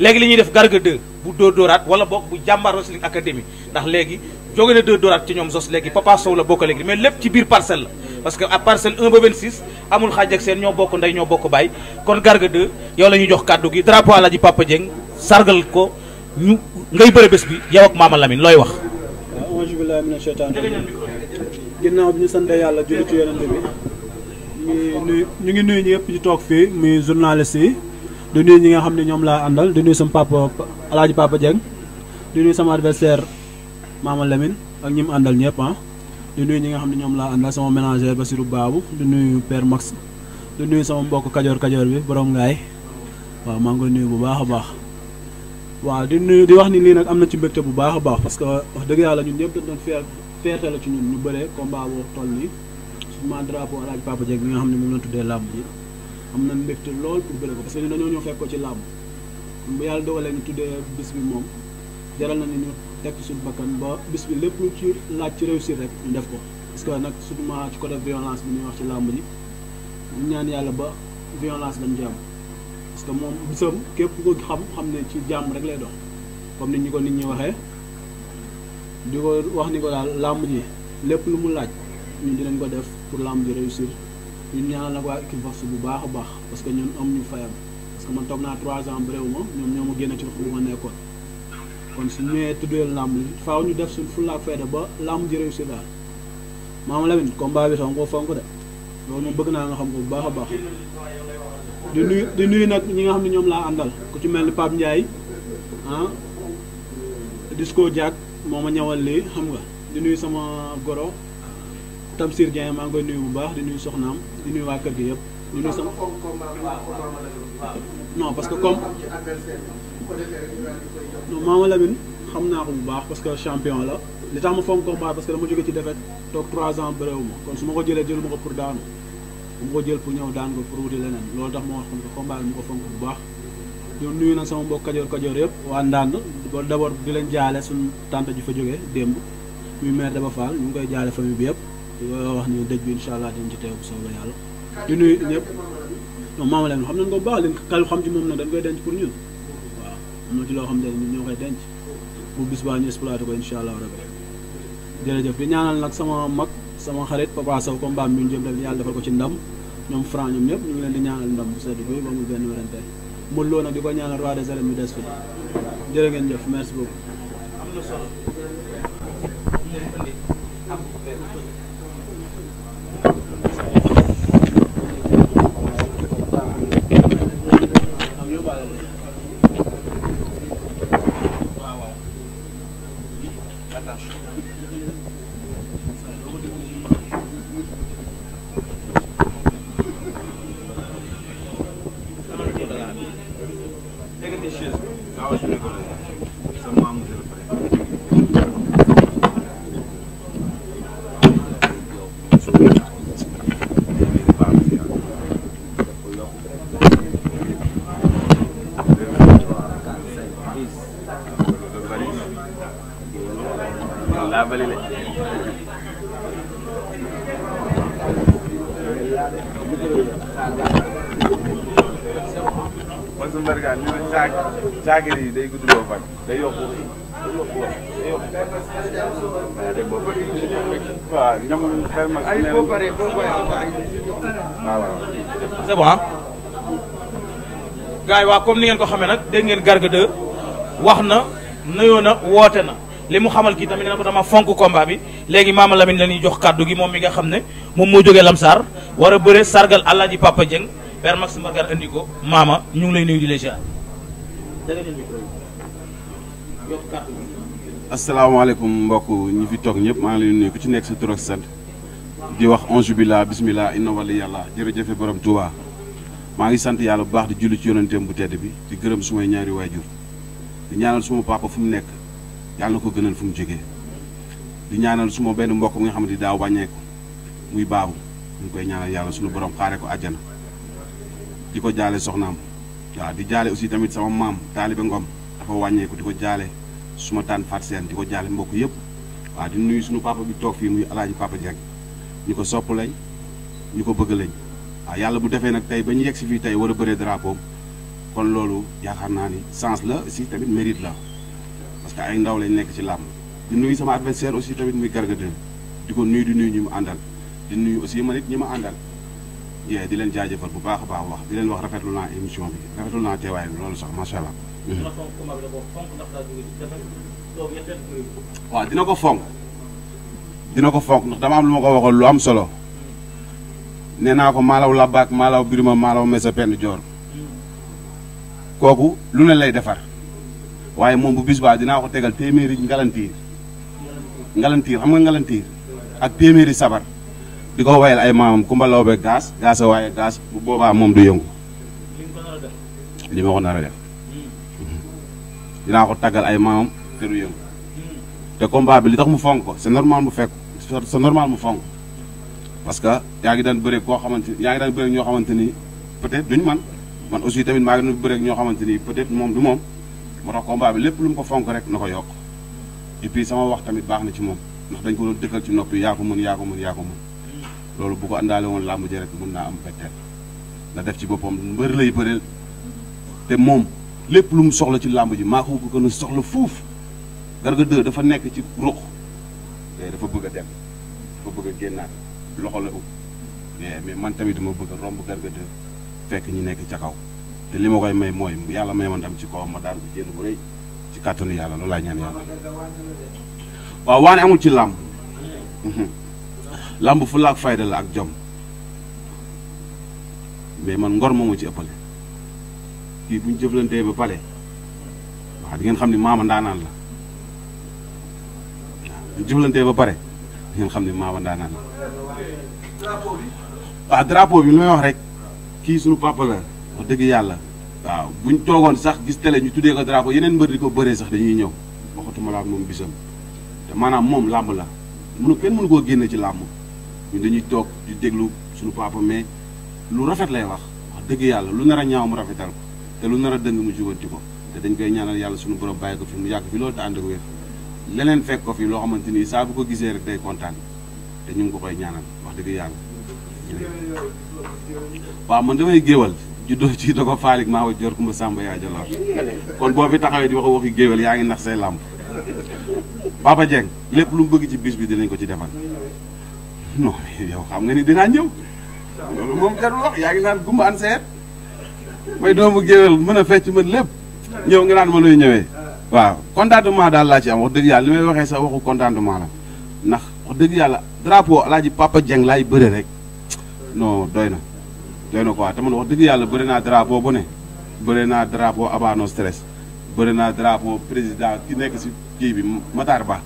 léegi li ñuy def garga 2 bu dóor dóoraat wala boog bu jàmbaar wrestling académie ndax léegi jóge na dóor dóoraat ci ñoom sos léegi papa sow la bokk léegi mais lépp ci biir parcelle la parce que à parcelle 1 ba 26 amul xaaj ak seen ñoo bokk ndey ñoo bokk baay kon garga 2 yow la ñuy jox kàddu gi drapeau Alaaji Papa Dieng sargal ko ñu ngay bëre bi yow ak Maama Lamine looy wax aaju billahi mina sheytaan ginnaaw bi ñu sant yàlla julli ci yonente bi ñu ngi nuyu ñu ngi ñu toog fii muy journaliste yi di nuyu ñi nga xam ne ñoom laa àndal di nuyu sama papa El Hadj Papa Dieng di nuyu sama adversaire Mama Lamine ak ñi mu àndal ñëpp ah. di nuyu ñi nga xam ne ñoom laa àndal sama ménager Basirou Babou di nuyu Père Max di nuyu sama mbokk kajoor kajoor bi borom ngaay waaw maa ngi koy nuyu bu baax a baax. waaw di nuyu di wax ni lii nag am na ci mbégte bu baax a baax parce que wax dëgg yàlla ñun ñëpp dañ doon feer feerte la ci ñun ñu bëree combat boo toll nii suma drapeau El Hadj Papa bi nga xam ne moom la tuddee làmb ji. am na mbégte lool pour bëre ko parce que dañoo ñëw fekk ko ci làmb bu yàlla dogalee ñu tuddee bis bi moom jaral na ni ñu tekk suñu bakkan ba bis bi lépp lu ci laaj ci réussir rek ñu def ko parce que nag surtout ci côté violence bi ñuy wax ci làmb ji ñaan yàlla ba violence dañ jàmm parce que moom bisam képp ko xam xam ne ci jàmm rek lay dox comme ni ñu ko nit ñi waxee di wax ni ko daal làmb ji lépp lu mu laaj ñu dinañ ko def pour làmb ji réussir ñun ñaanal nag waa Equivox bu baax a baax parce que ñun am ñu fayam parce que man toog naa trois ans bëréewu ma ñoom ñoo ma génn ci wax bu ma nekkoon kon suñu ñëwee tuddee làmb li faaw ñu def suñ fulla ak fayda ba làmb ji réussir daal maama Lamine combat bi sama ko fonk de loolu moom bëgg naa nga xam ko bu baax a baax di nuyu di nuyu nag ñi nga xam ne ñoom laa àndal ku ci mel ni Pape Ndiaye ah disco Diak moo ma ñawal lii xam nga di nuyu sama goro Tamsir Dieng maa ngi koy nuyu bu baax di nuyu soxnaam di nuyu waa kër gi yëpp. di nuyu sax non parce que comme non Mama Lamine xam naa ko bu baax parce que champion la li tax ma fonk combat parce que dama ci défaite toog 3 ans kon su ma ko jëlee ma ko pour daanu bu jël pour ñëw daan pour wuti leneen loolu tax ma wax ko fonk bu baax ñoo nuyu na sama mbokk kajoor kajoor yëpp waa Ndande ba d'abord di leen jaale suñu tante ji fa jógee démb muy mère Daba ñu ngi koy jaale famille bi yëpp di wax ni dëj bi incha allah dinañ ci teew bu soobee yàlla di nuyu ñëpp non maama leen xam nañ ko bu baax leen kàll xam ci moom nag dañ koy denc pour ñun waaw am na ci loo xam ne ñun ñoo koy denc bu bis baa ñu exploité ko incha allah rabbi jërëjëf di ñaanal nag sama mag sama xarit papa Sow comme baam bi ñu jëm yàlla defal ko ci ndam ñoom franc ñoom ñëpp ñu ngi leen di ñaanal ndam bu sedd bi ba mu benn werante mën loo nag di ko ñaanal roi des arènes mi des fi jërë ngeen jëf merci beaucoup attention balile man su mbargaan li day gudd loo fan day yokku waaw ñoom waa ah? comme ni ngeen ko xame nag dégg ngeen Garga wax na nuyoo na woote na li mu xamal kii tamit nee na ko dama fonk combat bi léegi Maama Lamine la ñuy jox kàddu gi moom mi nga xam ne moom moo jógee Lamsar war a bëre sargal Alaaji Papa Dieng père Max Mbargar indi ko Maama ñu ngi lay nuyu di la mbokk ñi fi toog ñëpp maa ngi leen nuyu ku ci nekk sa tur ak sant di wax onju billah bismillah inna wali yàlla jërëjëfe borom Touba maa ngi sant yàlla bu baax di julli ci yonenteem bu tedd bi di gërëm sumay ñaari waajur di ñaanal suma papa fu mu nekk. yàlla na ko gënal fu mu jógee di ñaanal suma benn mbokk mi nga xam ne daaw wàññeeku muy baabu ñu koy ñaanal yàlla suñu borom xaare ko àjjana di ko jaale soxnaam waaw di jaale aussi tamit sama maam taalibe Ngom dafa wàññeeku di ko jaale suma tànn Fatou Seen di ko jaale mbokk yëpp waaw di nuyu suñu papa bi toog fii muy alaaji papa Dieng ñu ko sopp lañ ñu ko bëgg lañ waaw yàlla bu defee nag tey ba ñu yegg fii tey war a bëree drapeau kon loolu yaakaar naa ni sens la aussi parce ay ndaw lañ nekk ci làmb di nuyu sama adversaire aussi tamit muy Garga di ko nuyu di nuyu ñi mu àndal di nuyu aussi man it ñi ma àndal yee di leen jaajëfal bu baax a baax wax di leen wax rafetlu naa émission bi naa teewaay bi loolu sax macha mm-hmm. waaw dina ko fonk dina ko fonk ndax dama am lu ma ko waxoon lu am solo nee naa ko maalaw labaak maalaw birima maalaw mesa penn joor mm-hmm. kooku lu ne lay defar waaye moom bu bis baa dinaa ko tegal téeméeri ngalantiir ngalantiir xam nga ngalantiir ak téeméeri sabar di ko wayal ay maamam Kumba Lawbe gaas gaas waaye gaas bu boobaa moom du yëngu li ma ko nar a dinaa ko taggal ay maamam te du yëngu te combat bi li tax mu fonk ko c'est normal mu fekk c'est normal mu fonk parce que yaa ngi daan bëre koo xamante yaa ngi daan bëre ñoo xamante ni peut-être duñ man man aussi tamit maa ngi daan bëre ñoo xamante ni peut-être moom du moom moo tax combat bi lépp lu mu ko fonk rek na ko yokk et sama wax tamit baax na ci moom ndax dañ ko doon dëkkal ci noppi yaa ko mën yaa ko mën yaa ko mën loolu bu ko àndaale woon làmb ji rek mën naa am betteel na def ci boppam mbër lay bëreel te moom lépp lu mu soxla ci làmb ji maa ko ko gën a soxla fuuf Garga dafa nekk ci ruq te dafa bëgg a dem dafa bëgg a loxo la ut mais man tamit dama bëgg a romb Garga fekk ñu nekk ca kaw te li ma koy mooy yàlla may ma ndam ci kawam ma daan ko jënd bu rëy ci kàttanu yàlla loolu laa ñaan yàlla waaw waane amul ci làmb mhm. làmb fu laak fayda ak jom mais man ngor moomu ci ëppale kii bu ñu ba pare wax di ngeen xam ni maama ndaanaan la waaw bu ñu ba pare di xam ne maama ndaanaan la waaw drapeau bi li may wax rek kii suñu papa ko dëgg yàlla waaw buñ toogoon sax gis tele ñu tuddee ko drapeau yeneen mbër di ko bëree sax dañuy ñëw waxatuma la ak moom bisam te maanaam moom làmb la mënu kenn mënu koo génne ci làmb ñun dañuy toog di déglu suñu papa mais lu rafet lay wax wax dëgg yàlla lu nar a ñaaw mu rafetal ko te lu nar a dëng mu jubanti ko te dañ koy ñaanal yàlla suñu borom bàyyi ko fi mu yàgg fi loolu te ànd ak wér leneen fekk ko fi loo xamante ni saa bu ko gisee rek day kontaan te ñu ngi ko koy ñaanal wax dëgg yàlla man damay géwal juddoo ci da ko faalik maa wa jor ma sàmba yaa jaloor kon boo fi taxawee di wax waxi géwél yaa ngi nax say làmp Papa Dieng lépp lu mu bëgg ci bis bi dinañ ko ci defal non yow xam nga ni dinaa ñëw loolu moom jarul wax yaa ngi naan mën a fecc mën lépp ñëw nga naan ma looy ñëwee waaw contentement daal laa ci am wax dëgg yàlla li may waxee sa waxu contentement la ndax wax dëgg yàlla drapeau alaaji Papa Dieng laay bëre rek non doy na doy na ko te man wax dëgg yàlla bëri naa drapeau bu ne bëri naa drapeau abano stress bëri naa drapeau président ki nekk si kii bi Matar Ba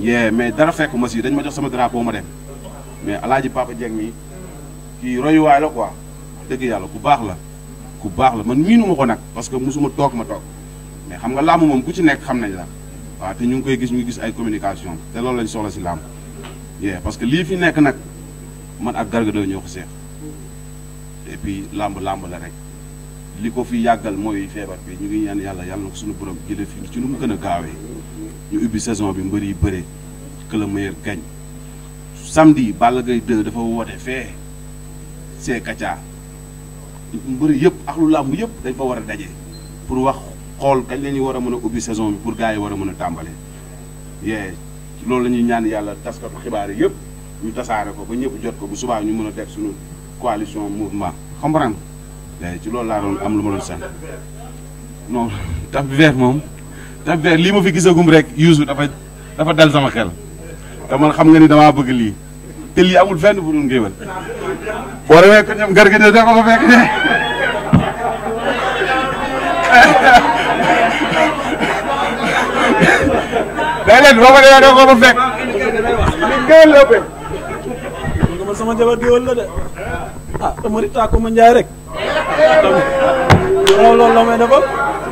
yee mais dara fekk ma si dañ ma jox sama drapeau ma dem mais alaaji Papa Dieng mi kii royuwaay la quoi dëgg yàlla ku baax la ku baax la man miinu ma ko nag parce que mosuma toog ma toog mais xam nga làmb moom ku ci nekk xam nañ la waaw te ñu ngi koy gis ñu gis ay communication te loolu lañ soxla si làmb yee parce que lii fi nekk nag man ak Garga doo seex et làmb làmb la rek li ko fi yàggal mooy feebar bi ñu ngi ñaan yàlla yàlla na ko suñu borom jële fii ci nu mu gën a gaawee ñu ubbi saison bi mbër yi bëre que le meilleur gagne samedi Balla Gaye woote fee see kaca mbëri yëpp ak lu làmb yëpp dañ fa war a daje pour wax xool kañ la ñuy war a mën a ubbi saison bi pour gaa yi war a mën a tàmbale yee loolu la ñaan yàlla taskatu xibaar yi yëpp ñu tasaare ko ba ñëpp jot ko bu subaa ñu mën a teg suñu coalition mouvement comprendre ci loolu laa doon am lu ma doon sant non tap vert moom tap vert lii ma fi gisagum rek Youssou dafa dafa dal sama xel te xam nga ni damaa bëgg lii te lii amul fenn bu dul ngéwél boo demee de da ko fekk de day leen boo ko demee da ko fekk li ngéwél la sama jabar diwél la de ah Amary tàkku ah, ma Ndiaye rek. loolu loolu la may defal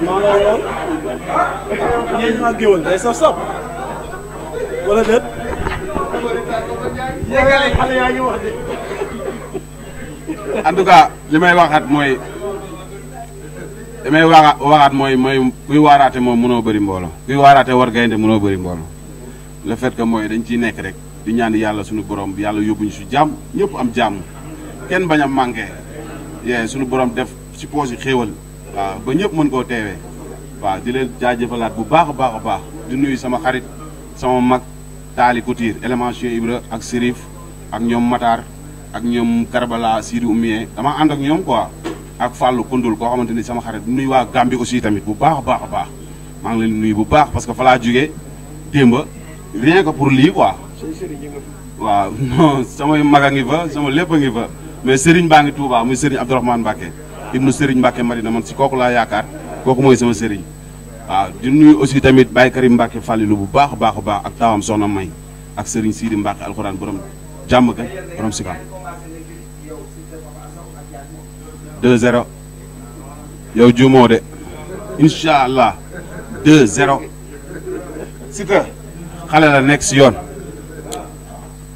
maa ngi lool ñeent ñaa tout cas li may waxaat mooy li may waxa waxaat mooy mooy kuy waaraate moom mënoo bëri mbooloo kuy waaraate war gaynde mënoo bëri mbooloo le fait que mooy dañ ciy nekk rek di ñaan yàlla sunu borom yàlla yóbbuñu su jàmm ñëpp am jàmm. kenn bañ a manqué yee suñu borom def si poos xéewal waaw ba ñëpp mën koo teewee waaw di leen jaajëfalaat bu baax a baax a baax di nuyu sama xarit sama mag Taali Couture élément Cheikh Ibra ak Sérif ak ñoom Matar ak ñoom Karbala Sidi Oumien dama ànd ak ñoom quoi ak Fallou Koundoul koo xamante ni sama xarit nuyu waa Gambie aussi tamit bu baax a baax a baax maa ngi leen nuyu bu baax parce que fa laa jógee démba rien que pour lii quoi waaw samay mag a ngi fa sama lépp a ngi fa mais Serigne baa ngi Touba muy Serigne Abdourahmane Mbacke ibnu Serigne Mbacke Madina man si kooku laa yaakaar kooku mooy sama Serigne waaw di nuyu aussi tamit Baye Karim Mbacke Fallilou bu baax baax a baax ak taawam Soxna May ak Serigne Sidi Mbacke alxuraan borom jàmm ga borom si 2-0 yow juumoo de incha allah 2-0 Siteu xale la nekk si yoon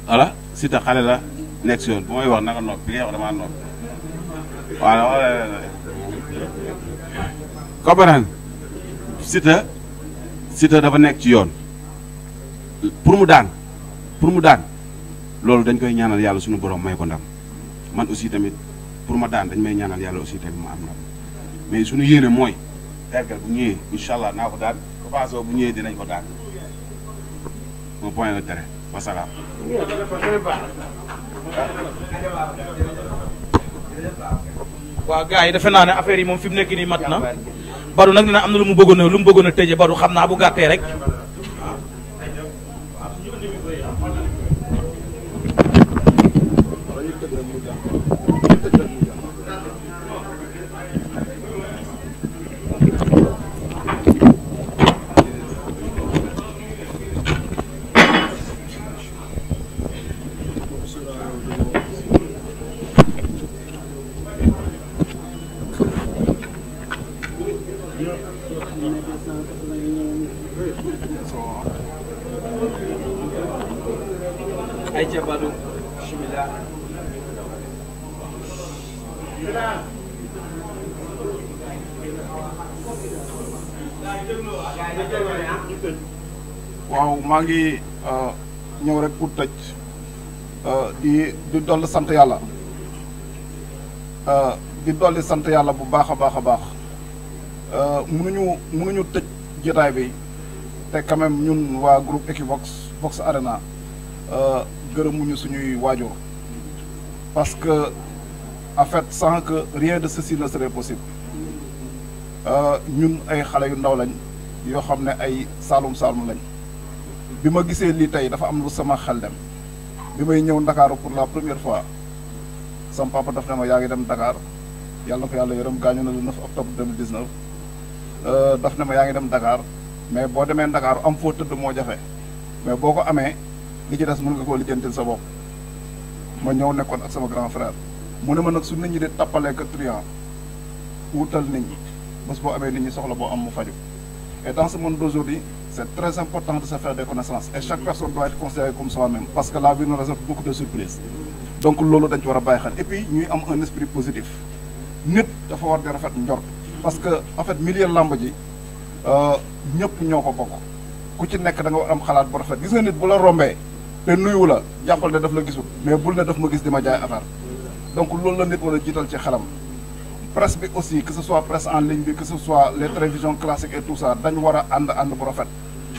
voilà Siteu xale la. nekk si yoon bu may wax naka a li nga wax damaa noppi voilà dafa nekk ci yoon pour mu daan pour mu daan loolu dañ koy ñaanal yàlla suñu borom may man aussi tamit pour ma daan dañ may ñaanal yàlla aussi tamit mais suñu yéene mooy tergal bu ñëwee incha allah naa ko daan Papa Sow bu ñëwee dinañ ko daan un point de trait wasalaam waaw gars yi defe naa ne affaire yi moom fi mu nekk nii mat na Badou nag nee am na lu mu bëggoon a lu mu bëggoon a tëjee Badou xam naa bu gàttee rek. ay waaw maa ngi euh, ñëw rek pour tëj euh, di di dolli sant yàlla euh, di dolli sant yàlla bu baax a baax a baax Euh, mënuñu mënuñu tëj jotaay bi te quand même ñun waa groupe Equivox Vox Arena euh, gërëmuñu suñuy waajur parce que en fait sans que rien de ceci ne serait possible euh, ñun ay xale yu ndaw lañ yoo xam ne ay saalum saalum lañ bi ma gisee lii tey dafa am lu sama xel dem bi may ñëw ndakaaru pour la première fois sama papa daf ne ma yaa ngi dem Dakar yàlla na ko yàlla yërëm gaañu na le 9 octobre 2019 daf euh, ne ma yaa ngi dem Dakar mais boo demee Dakar am foo tëdd moo jafe mais boo ko amee li ci des mën nga koo lijjantil sa bopp ma ñëw nekkoon ak sama grand frère mu ne ma nag su nit ñi di tappalee que truand wutal nit ñi bés boo amee nit boo am mu faju et dans ce monde d'aujourd'hui c'est très important de se faire et chaque personne doit être comme soi-même parce que la vie nous réserve beaucoup de surprises donc loolu dañ ci war a bàyyi xel et puis ñuy am un esprit positif nit dafa war di rafet njort parce que en fait milieu làmb ji euh, ñëpp ñoo ko bokk ku ci nekk da nga war am xalaat bu rafet gis nga nit bu la rombee te nuyu la jàppal ne daf la gisul mais bul ne daf ma gis di ma jaay affaire donc loolu la nit war a jiital ci xelam. presse bi aussi que ce soit presse en ligne bi que ce soit les télévisions classiques et tout ça dañ war a ànd ànd bu rafet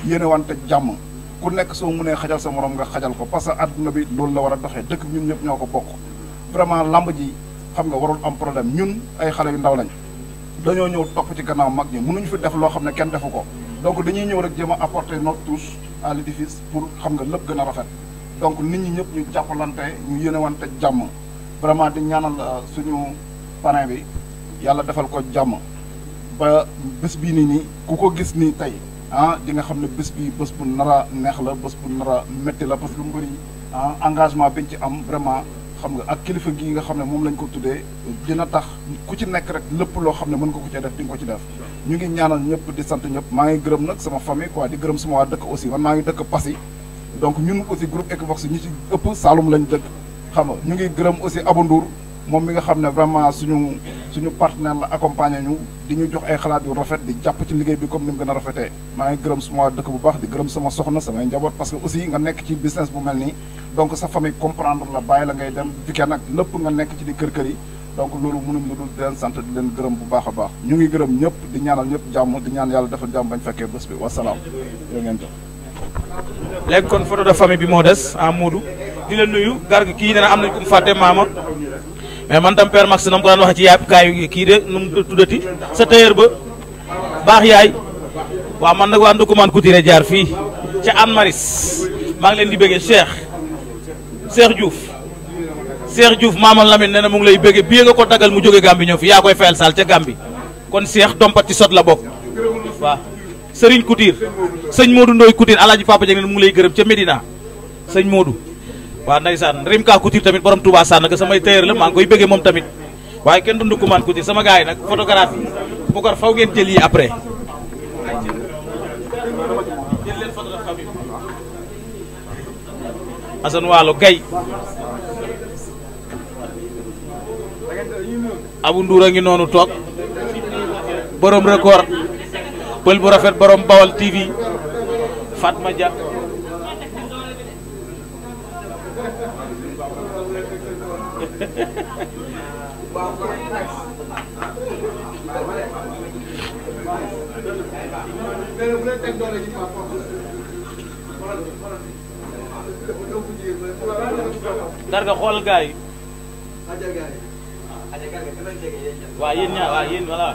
yéene wante jàmm ku nekk soo munee xajal sa morom nga xajal ko parce que àdduna bi loolu la war a doxee dëkk bi ñun ñëpp ñoo ko bokk vraiment làmb ji xam nga warul am problème ñun ay xale yu ndaw lañ. dañoo ñëw topp ci gannaaw mag ñi mënuñu fi def loo xam ne kenn defu ko donc dañuy ñëw rek jéem a apporter notre touche à l'édifice pour xam nga lépp gën a rafet donc nit ñi ñëpp ñu jàppalante ñu yéenewante jàmm vraiment di ñaanal euh, suñu parrain bi yàlla defal ko jàmm ba bés bii nii nii ku ko gis nii tey ah di nga xam ne bés bii bés bu nar a neex la bés bu nar a métti la parce que lu mu bëri ah engagement biñ ci am vraiment xam nga ak kilifa gii nga xam ne moom lañ ko tuddee dina tax ku ci nekk rek lépp loo xam ne mën nga ko ci def di nga ko ci def ñu ngi ñaanal ñëpp di sant ñëpp maa ngi gërëm nag sama famille quoi di gërëm suma waa dëkk aussi man maa ngi dëkk Passy donc ñun aussi groupe Equivox ñu si ëpp saalum lañu dëkk xam nga ñu ngi gërëm aussi Abou moom mi nga xam ne vraiment suñu suñu partenaire la accompagné ñu di ñu jox ay xalaat yu rafet di jàpp ci liggéey bi comme ni mu gën a rafetee maa ngi gërëm suma dëkk bu baax di gërëm sama soxna samay njaboot parce que aussi nga nekk ci business bu mel nii donc sa famille comprendre la bàyyi la ngay dem weekend nag lépp nga nekk ci di kër kër yi donc loolu mënuñ lu dul di leen sant di leen gërëm bu baax a baax ñu ngi gërëm ñëpp di ñaanal ñëpp jàmm di ñaan yàlla dafa jàmm bañ fekkee bés bi wasalaam yo ngeen jox léegi kon photo de famille bi moo des en Modou di la nuyu garga kii nee na am nañ ko mu fàtte maama mais man tam père Max na mu ko daan waxee ci yaay kaay kii de nu mu tuddati sa tailleur ba baax yaay waaw man nag waa Ndoukoumane Couture jaar fii ca Anne Maris maa ngi leen di bëggee Cheikh Cheikh Diouf Cheikh Diouf maamal Lamine nee na mu ngi lay bëggee bii nga ko dagal mu jóge Gambie ñëw fi yaa koy fayal saal ca Gambie kon Cheikh dompat ci sot la bokk waaw Serigne Couture sëñ Modou Ndoye Couture alaaji Papa Dieng ne mu ngi lay gërëm ca Medina sëñ Modou. waaw ndeysaan Rimka Couture tamit borom Touba Sandaga samay tailleur la maa koy bëggee moom tamit waaye kenn dund Koumane sama gars nag photographe yi bu ko faw ngeen jël yi après. Waalo Guèye Abu Nduur ngi noonu toog borom record pël bu rafet borom Bawal TV Fatma Dia. Garga xoolal gars yi. waaw yéen ñaa waaw yéen voilà.